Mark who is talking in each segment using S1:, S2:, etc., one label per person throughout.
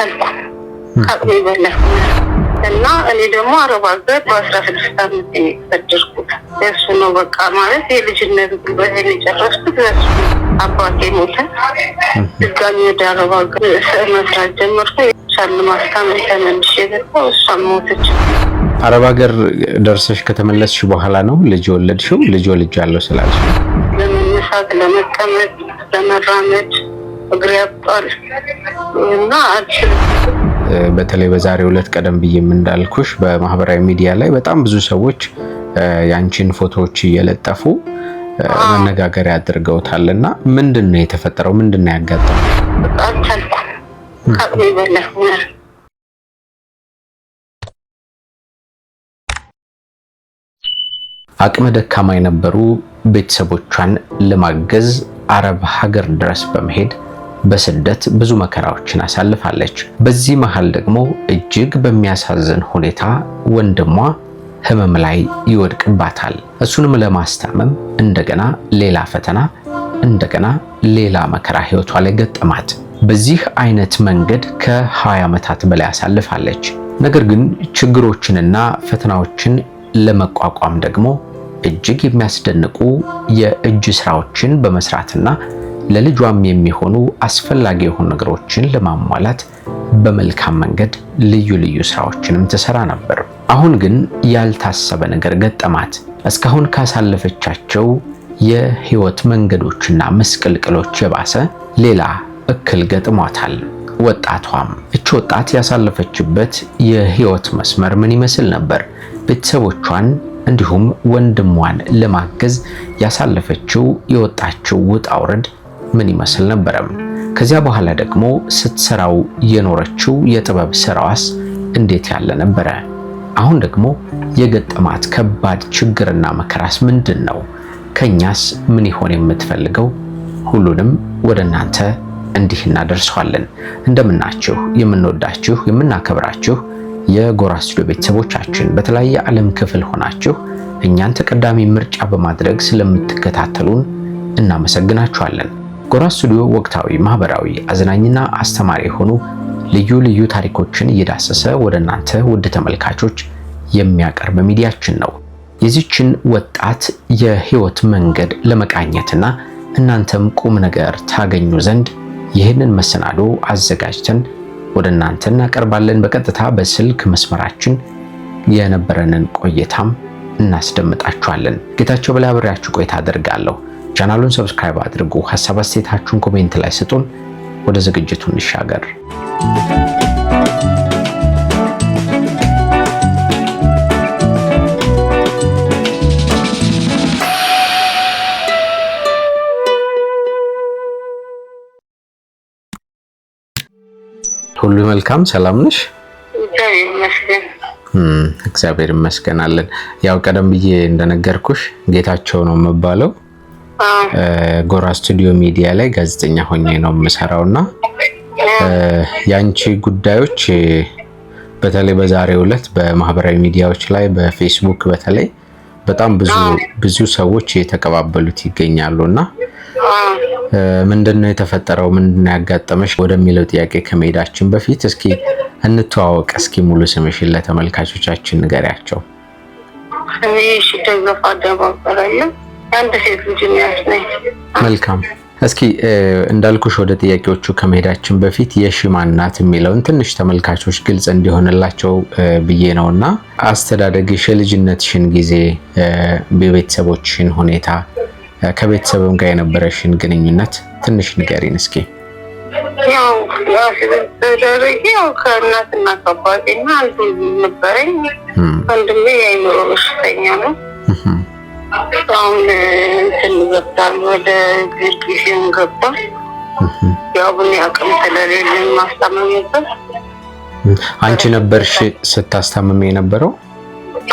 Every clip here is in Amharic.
S1: አልቻልኩ በላይ እና እኔ ደግሞ አረብ ሀገር በአስራ ስድስት ዓመት የተሰደድኩት እሱ ነው። በቃ ማለት የልጅነት የጨረስኩት እሱ። አባቴ ሞተ። ድጋሚ ወደ አረብ ሀገር መስራት ጀመርኩ።
S2: ተመልሼ እሷም ሞተች። አረብ ሀገር ደርሰሽ ከተመለስሽ በኋላ ነው ልጅ ወለድሽው? ልጅ ወልጃለሁ ስላልሽ
S1: ለመነሳት፣ ለመቀመጥ፣ ለመራመድ እግር ያጣል እና አልችልም።
S2: በተለይ በዛሬ ሁለት ቀደም ብዬም እንዳልኩሽ በማህበራዊ ሚዲያ ላይ በጣም ብዙ ሰዎች ያንቺን ፎቶዎች እየለጠፉ መነጋገሪያ አድርገውታል እና ምንድን ነው የተፈጠረው? ምንድን ነው ያጋጠመው? አቅመ ደካማ የነበሩ ቤተሰቦቿን ለማገዝ አረብ ሀገር ድረስ በመሄድ በስደት ብዙ መከራዎችን አሳልፋለች። በዚህ መሃል ደግሞ እጅግ በሚያሳዝን ሁኔታ ወንድሟ ህመም ላይ ይወድቅባታል። እሱንም ለማስታመም እንደገና ሌላ ፈተና፣ እንደገና ሌላ መከራ ህይወቷ ላይ ገጠማት። በዚህ አይነት መንገድ ከ20 ዓመታት በላይ አሳልፋለች። ነገር ግን ችግሮችንና ፈተናዎችን ለመቋቋም ደግሞ እጅግ የሚያስደንቁ የእጅ ስራዎችን በመስራትና ለልጇም የሚሆኑ አስፈላጊ የሆኑ ነገሮችን ለማሟላት በመልካም መንገድ ልዩ ልዩ ስራዎችንም ትሰራ ነበር። አሁን ግን ያልታሰበ ነገር ገጠማት። እስካሁን ካሳለፈቻቸው የህይወት መንገዶችና መስቅልቅሎች የባሰ ሌላ እክል ገጥሟታል። ወጣቷም እች ወጣት ያሳለፈችበት የህይወት መስመር ምን ይመስል ነበር? ቤተሰቦቿን እንዲሁም ወንድሟን ለማገዝ ያሳለፈችው የወጣችው ውጣ ውረድ ምን ይመስል ነበረም? ከዚያ በኋላ ደግሞ ስትሰራው የኖረችው የጥበብ ስራዋስ እንዴት ያለ ነበረ? አሁን ደግሞ የገጠማት ከባድ ችግርና መከራስ ምንድን ነው? ከኛስ ምን ይሆን የምትፈልገው? ሁሉንም ወደ እናንተ እንዲህ እናደርሰዋለን። እንደምናችሁ የምንወዳችሁ የምናከብራችሁ የጎራ ስቱዲዮ ቤተሰቦቻችን በተለያየ ዓለም ክፍል ሆናችሁ እኛን ተቀዳሚ ምርጫ በማድረግ ስለምትከታተሉን እናመሰግናችኋለን። ጎራ ስቱዲዮ ወቅታዊ፣ ማህበራዊ፣ አዝናኝና አስተማሪ የሆኑ ልዩ ልዩ ታሪኮችን እየዳሰሰ ወደ እናንተ ውድ ተመልካቾች የሚያቀርብ ሚዲያችን ነው። የዚችን ወጣት የህይወት መንገድ ለመቃኘትና እናንተም ቁም ነገር ታገኙ ዘንድ ይህንን መሰናዶ አዘጋጅተን ወደ እናንተ እናቀርባለን። በቀጥታ በስልክ መስመራችን የነበረንን ቆይታም እናስደምጣችኋለን። ጌታቸው በላይ አብሬያችሁ ቆይታ አደርጋለሁ። ቻናሉን ሰብስክራይብ አድርጉ። ሀሳብ አስተያየታችሁን ኮሜንት ላይ ስጡን። ወደ ዝግጅቱ እንሻገር። ሁሉ መልካም ሰላም ነሽ? እግዚአብሔር ይመስገናለን። ያው ቀደም ብዬ እንደነገርኩሽ ጌታቸው ነው የምባለው ጎራ ስቱዲዮ ሚዲያ ላይ ጋዜጠኛ ሆኜ ነው የምሰራው እና የአንቺ ጉዳዮች በተለይ በዛሬው ዕለት በማህበራዊ ሚዲያዎች ላይ በፌስቡክ በተለይ በጣም ብዙ ብዙ ሰዎች የተቀባበሉት ይገኛሉ እና ምንድን ነው የተፈጠረው? ምንድን ነው ያጋጠመሽ ወደሚለው ጥያቄ ከመሄዳችን በፊት እስኪ እንተዋወቅ። እስኪ ሙሉ ስምሽን ለተመልካቾቻችን ንገሪያቸው።
S1: እኔ አንድ ሴት ልጅ ነኝ።
S2: መልካም እስኪ እንዳልኩሽ ወደ ጥያቄዎቹ ከመሄዳችን በፊት የሽማ እናት የሚለውን ትንሽ ተመልካቾች ግልጽ እንዲሆንላቸው ብዬ ነው እና አስተዳደግሽ፣ የልጅነትሽን ጊዜ፣ የቤተሰቦችሽን ሁኔታ፣ ከቤተሰብም ጋር የነበረሽን ግንኙነት ትንሽ ንገሪን እስኪ።
S1: ያው ያው ከእናትና ከአባቴና አንዱ ነበረኝ። ወንድሜ የአይምሮ በሽተኛ ነው አሁን እንትን ወደ ግርጊሽን
S2: ገባ። ያው ቡኒ አቅም ስለሌለን ማስታመምበት አንቺ ነበርሽ ስታስታምም የነበረው?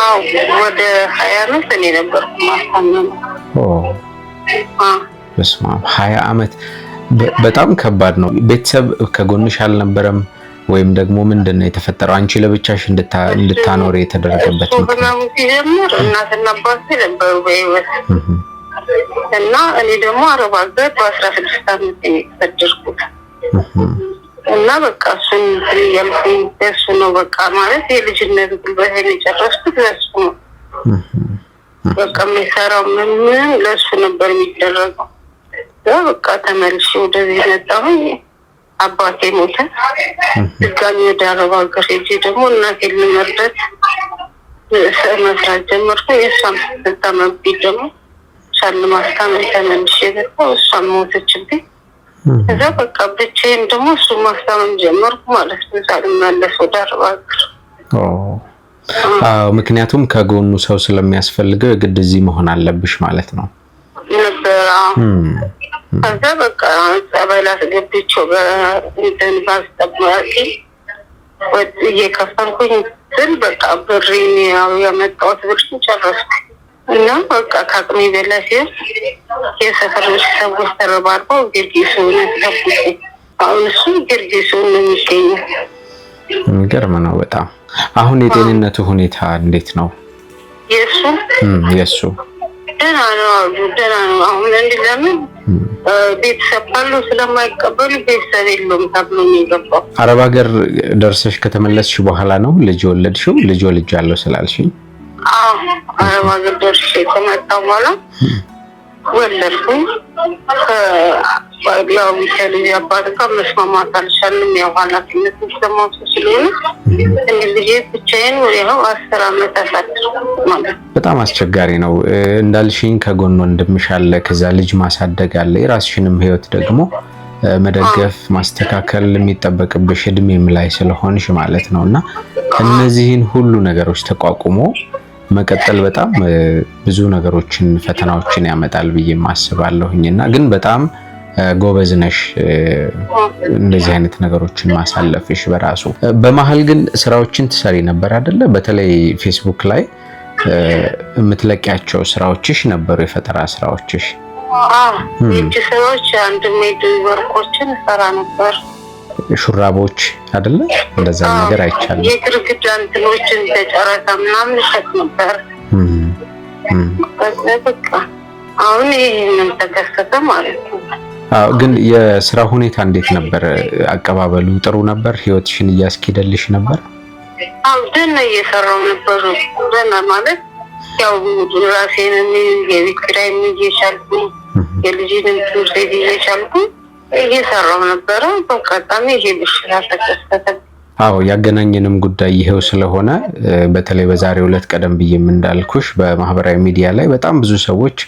S1: አዎ ወደ ሀያ አመት እኔ ነበርኩ ማስታመም።
S2: በስመ አብ ሀያ አመት በጣም ከባድ ነው። ቤተሰብ ከጎንሽ አልነበረም? ወይም ደግሞ ምንድን ነው የተፈጠረው? አንቺ ለብቻሽ እንድታኖር የተደረገበት
S1: ምክንያት ሲጀምር እናትና አባቴ ነበሩ በህይወት እና እኔ ደግሞ አረብ ሀገር በአስራ ስድስት አመት የተሰደድኩት እና በቃ እሱን ያልኩኝ ለሱ ነው። በቃ ማለት የልጅነት ጉልበቴን የጨረስኩት ለሱ ነው። በቃ የሚሰራው ምን ለሱ ነበር የሚደረገው። በቃ ተመልሼ ወደዚህ መጣሁኝ። አባቴ ሞተ። ድጋሚ ወደ አረብ ሀገር ሄጄ ደግሞ እናቴ ልመርዳት
S2: መስራት ጀመርኩ። የእሷም ስታመብኝ ደግሞ ሻልማስታመን ተመልሼ ደግሞ እሷም ሞተችብኝ። እዛ በቃ ብቻዬን ደግሞ እሱ ማስታመም ጀመርኩ ማለት ነው። ሳልመለስ ወደ አረብ ሀገር ምክንያቱም ከጎኑ ሰው ስለሚያስፈልገው የግድ እዚህ መሆን አለብሽ ማለት ነው ነበር ከዛ በቃ ጸበል አስገብቼው በእንትን ባስጠባቂ ወጥ እየከፈልኩኝ ስል በቃ ብሬን ያው ያመጣሁት ብር ጨረስኩ እና በቃ ከአቅሜ በላይ ሲሆን የሰፈር ሰዎች ተረባርበው ጌርጌሶን ያስገቡት። አሁን እሱ ጌርጌሶን ነው የሚገኘው። የሚገርም ነው በጣም። አሁን የጤንነቱ ሁኔታ እንዴት ነው የእሱ የእሱ
S1: ደህና ነው አሉ። ደህና ነው አሁን ለምን ቤተሰብ ካለው ስለማይቀበሉ ቤተሰብ የለውም ተብሎ የሚገባው
S2: አረብ ሀገር ደርሰሽ ከተመለስሽ በኋላ ነው ልጅ ወለድሽው? ልጅ ወልጅ አለው ስላልሽኝ
S1: አረብ ሀገር ደርሼ ከመጣሁ በኋላ ወለድኩኝ። ከልጅ አባት ጋር መስማማት አልቻልም። ያው ኃላፊነት የሚሰማው ሰው ስለሆነ ልጅ ብቻዬን ወዲያው አስር አመት ማለት
S2: በጣም አስቸጋሪ ነው። እንዳልሽኝ ከጎን ወንድምሽ አለ፣ ከዛ ልጅ ማሳደግ አለ። የራስሽንም ህይወት ደግሞ መደገፍ ማስተካከል የሚጠበቅብሽ እድሜም ላይ ስለሆንሽ ማለት ነው እና እነዚህን ሁሉ ነገሮች ተቋቁሞ መቀጠል በጣም ብዙ ነገሮችን ፈተናዎችን ያመጣል ብዬ ማስባለሁኝ እና ግን በጣም ጎበዝ ነሽ። እንደዚህ አይነት ነገሮችን ማሳለፍሽ በራሱ በመሀል ግን ስራዎችን ትሰሪ ነበር አይደለ? በተለይ ፌስቡክ ላይ የምትለቂያቸው ስራዎችሽ ነበሩ፣ የፈጠራ ስራዎችሽ።
S1: እጅ ስራዎች፣ አንድ ሜድ ወርቆችን ሰራ ነበር፣
S2: ሹራቦች አይደለ? እንደዛ ነገር አይቻልም።
S1: የግርግዳ እንትኖችን ተጨረሰ ምናምን እሸጥ ነበር። በቃ አሁን ይህንን ተከሰተ ማለት ነው።
S2: ግን የስራ ሁኔታ እንዴት ነበር? አቀባበሉ ጥሩ ነበር? ህይወትሽን እያስኪደልሽ ነበር?
S1: አዎ ደህና እየሰራው ነበሩ። ደህና ማለት ያው ራሴንም የቤት ኪራይም እየቻልኩ የልጅንም ትምህርት ቤት እየቻልኩ እየሰራው ነበረ። በአጋጣሚ ይሄ ብሽራ ተከሰተ።
S2: አዎ ያገናኘንም ጉዳይ ይሄው ስለሆነ በተለይ በዛሬ ሁለት ቀደም ብዬም እንዳልኩሽ በማህበራዊ ሚዲያ ላይ በጣም ብዙ ሰዎች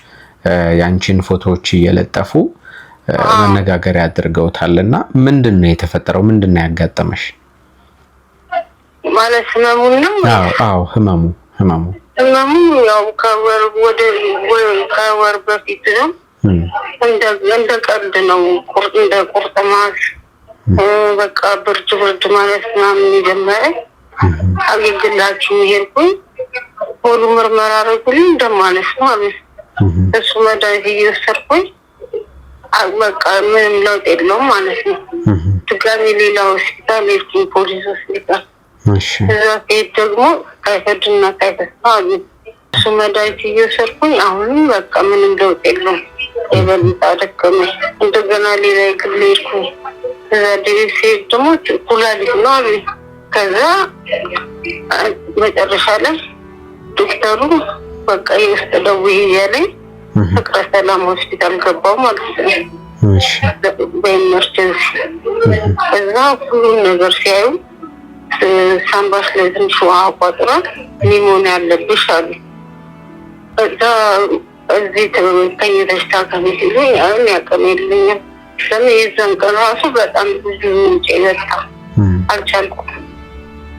S2: የአንቺን ፎቶዎች እየለጠፉ መነጋገሪያ አድርገውታል። እና ምንድን ነው የተፈጠረው? ምንድን ነው ያጋጠመሽ?
S1: ማለት ህመሙ ነው?
S2: አዎ ህመሙ ህመሙ
S1: ህመሙ ያው ከወር ወደ ከወር በፊት ነው። እንደ ቀልድ ነው እንደ ቁርጥማት በቃ ብርድ ብርድ ማለት ምናምን የጀመረ አገልግላችሁ ሄድኩኝ። ሁሉ ምርመራ አደረጉልኝ እንደማለት ነው አሉ። እሱ መድኃኒት እየወሰድኩኝ በቃ ምንም ለውጥ የለውም ማለት ነው። ድጋሚ ሌላ ሆስፒታል ሄድኩ፣ ፖሊስ ሆስፒታል። እዛ ከሄድ ደግሞ ታይፈድና ታይፈስ አሉ። እሱ መድኃኒት እየወሰድኩኝ አሁንም በቃ ምንም ለውጥ የለውም። የበለጠ አደከመኝ። እንደገና ሌላ የግል ሄድኩኝ። እዛ ድሬስ ሄድ ደግሞ ኩላሊት ነው አሉ። ከዛ መጨረሻ ላይ ዶክተሩ በቃ የውስጥ ደዌ እያለኝ ፍቅረ mm-hmm. ሰላም ሆስፒታል ገባው ማለት ነው በኢመርጀንሲ። mm-hmm. እዛ ሁሉም ነገር ሲያዩ ሳምባሽ ላይ ትንሽ ውሃ ቋጥራ ኒሞኒያ አለብሽ አሉ። እዛ እዚህ ተኝተሽ ታከሚ ሲሉ አሁን ያቀም የለኝም። ለምን የዛን ቀን ራሱ በጣም ብዙ ምንጭ ይበጣ mm-hmm. አልቻልኩም።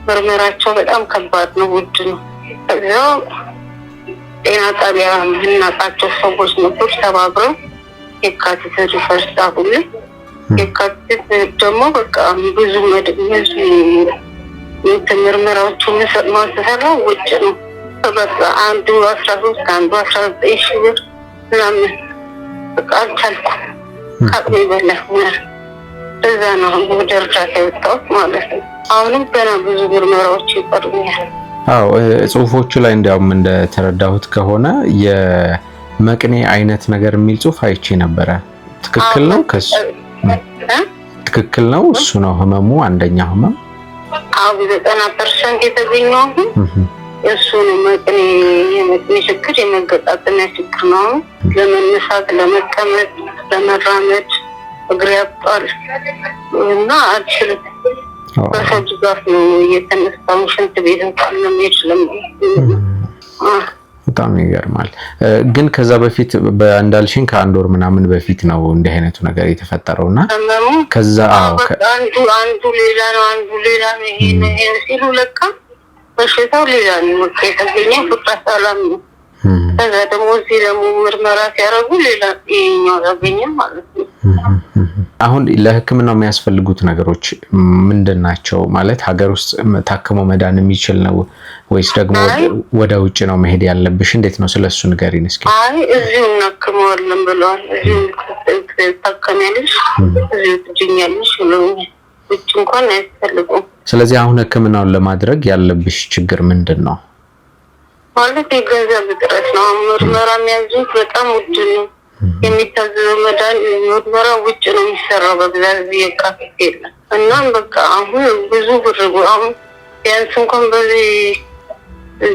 S1: ምርመራቸው በጣም ከባድ ነው፣ ውድ ነው። ጤና ጣቢያ የምናውቃቸው ሰዎች ነበሩ። ተባብረው የካቲትን ሪፈርስ አሁን የካቲት ደግሞ በቃ ብዙ ምርመራዎቹ ማስተሰራ ውጭ ነው። በቃ አንዱ አስራ ሶስት አንዱ አስራ ዘጠኝ ሺ ብር ምናምን በቃ አልቻልኩ ከአቅሜ በላይ ሆነ። እዛ ነው
S2: ወደ እርዳታ የወጣሁት ማለት ነው። አሁንም ገና ብዙ ምርመራዎች ይቀርኛል። አዎ ጽሁፎቹ ላይ እንዲያውም እንደተረዳሁት ከሆነ የመቅኔ አይነት ነገር የሚል ጽሁፍ አይቼ ነበረ። ትክክል ነው ከሱ ትክክል ነው። እሱ ነው ህመሙ፣ አንደኛ ህመም።
S1: አዎ በዘጠና ፐርሰንት የተገኘው እሱ ነው። መቅኔ የመቅኔ ችግር የመገጣጠሚያ ችግር ነው። ለመነሳት፣ ለመቀመጥ፣ ለመራመድ እግር ያብጣል እና አልችልም በፈጅ ዛፍ ነው የተነሳው። ሽንት ቤት እንኳን ነው
S2: በጣም ይገርማል። ግን ከዛ በፊት እንዳልሽን ከአንድ ወር ምናምን በፊት ነው እንዲህ አይነቱ ነገር የተፈጠረው እና
S1: ከዛ አንዱ ሌላ ነው አንዱ ሌላ ነው ይሄን ሲሉ ለካ በሽታው ሌላ ነው የተገኘ ፍጣ ሰላም ነው። ከዛ ደግሞ እዚህ ደግሞ ምርመራ ሲያደርጉ ሌላ ይሄኛው ያገኘ ማለት ነው
S2: አሁን ለህክምናው የሚያስፈልጉት ነገሮች ምንድን ናቸው? ማለት ሀገር ውስጥ ታክሞ መዳን የሚችል ነው ወይስ ደግሞ ወደ ውጭ ነው መሄድ ያለብሽ? እንዴት ነው? ስለሱ ንገሪን እስኪ።
S1: አይ እዚሁ እናክመዋለን ብለዋል። እዚሁ ታከሚያለሽ፣ እዚሁ ትድኛለሽ ውጭ እንኳን አያስፈልጉም።
S2: ስለዚህ አሁን ህክምናውን ለማድረግ ያለብሽ ችግር ምንድን ነው?
S1: ማለት የገንዘብ እጥረት ነው። ምርመራ የሚያዙት በጣም ውድ ነው። Mm-hmm. የሚታዘዘው መዳን ምርመራ ውጭ ነው የሚሰራው በብዛት የካፌት የለም። እናም በቃ አሁን ብዙ ብር አሁን ቢያንስ እንኳን በዚህ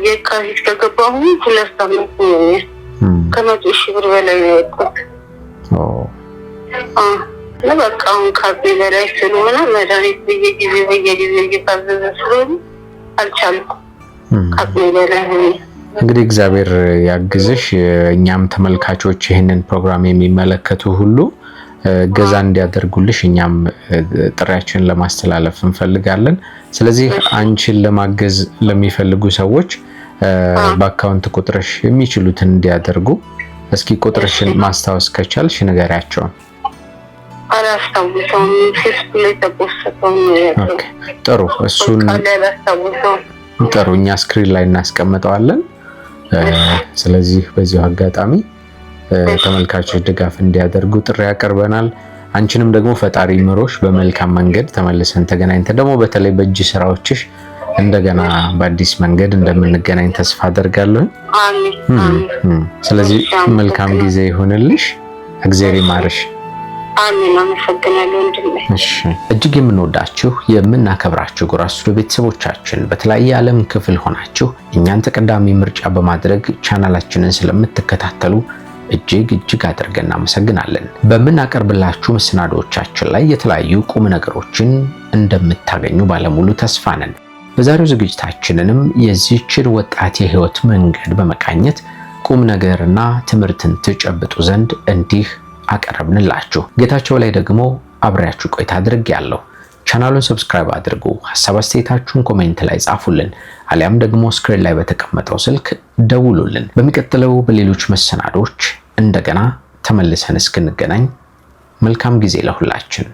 S1: የካፌት ከገባ አሁን ሁለት አመት ሆኖኛል። mm-hmm. ከመቶ ሺ ብር በላይ ነው የወጡት oh. እና በቃ አሁን ካፌ በላይ ስለሆነ መድኃኒት በየጊዜ በየጊዜ እየታዘዘ ስለሆነ አልቻልኩም። mm-hmm. ካፌ በላይ ሆኜ
S2: እንግዲህ እግዚአብሔር ያግዝሽ። እኛም ተመልካቾች ይህንን ፕሮግራም የሚመለከቱ ሁሉ ገዛ እንዲያደርጉልሽ እኛም ጥሪያችንን ለማስተላለፍ እንፈልጋለን። ስለዚህ አንቺን ለማገዝ ለሚፈልጉ ሰዎች በአካውንት ቁጥርሽ የሚችሉትን እንዲያደርጉ እስኪ ቁጥርሽን ማስታወስ ከቻልሽ ንገሪያቸውን።
S1: ጥሩ። እሱን
S2: ጥሩ እኛ ስክሪን ላይ እናስቀምጠዋለን። ስለዚህ በዚሁ አጋጣሚ ተመልካቾች ድጋፍ እንዲያደርጉ ጥሪ ያቀርበናል። አንቺንም ደግሞ ፈጣሪ ምሮሽ በመልካም መንገድ ተመልሰን ተገናኝተን ደግሞ በተለይ በእጅ ስራዎችሽ እንደገና በአዲስ መንገድ እንደምንገናኝ ተስፋ አደርጋለሁ። ስለዚህ መልካም ጊዜ ይሆንልሽ። እግዜር ይማርሽ። እጅግ የምንወዳችሁ የምናከብራችሁ ጎራ ስቱዲዮ ቤተሰቦቻችን በተለያየ ዓለም ክፍል ሆናችሁ እኛን ተቀዳሚ ምርጫ በማድረግ ቻናላችንን ስለምትከታተሉ እጅግ እጅግ አድርገን እናመሰግናለን። በምናቀርብላችሁ መሰናዶዎቻችን ላይ የተለያዩ ቁም ነገሮችን እንደምታገኙ ባለሙሉ ተስፋ ነን። በዛሬው ዝግጅታችንንም የዚህችን ወጣት የህይወት መንገድ በመቃኘት ቁም ነገርና ትምህርትን ትጨብጡ ዘንድ እንዲህ አቀረብንላችሁ። ጌታቸው ላይ ደግሞ አብሬያችሁ ቆይታ አድርግ ያለው ቻናሉን ሰብስክራይብ አድርጉ። ሀሳብ አስተያየታችሁን ኮሜንት ላይ ጻፉልን፣ አሊያም ደግሞ ስክሪን ላይ በተቀመጠው ስልክ ደውሉልን። በሚቀጥለው በሌሎች መሰናዶች እንደገና ተመልሰን እስክንገናኝ መልካም ጊዜ ለሁላችን።